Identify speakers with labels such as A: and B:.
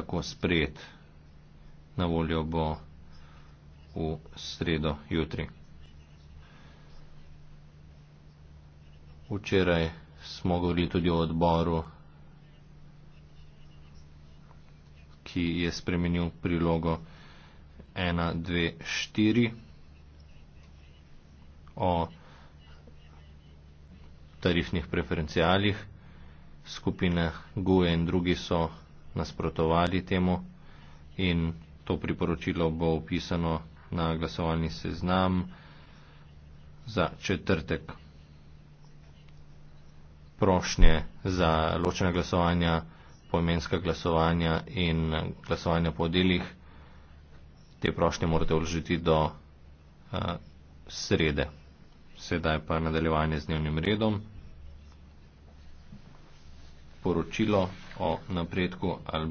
A: tako sprejet. Na voljo bo v sredo jutri. Včeraj smo govorili tudi o odboru, ki je spremenil prilogo 1, 2, 4 o tarifnih preferencialih, skupinah GUE in drugi so nasprotovali temu in to priporočilo bo upisano na glasovalni seznam za četrtek. Prošnje za ločena glasovanja, poimenska glasovanja in glasovanja po delih, te prošnje morate vložiti do uh, srede. Sedaj pa nadaljevanje z dnevnim redom. Poročilo o napredku ali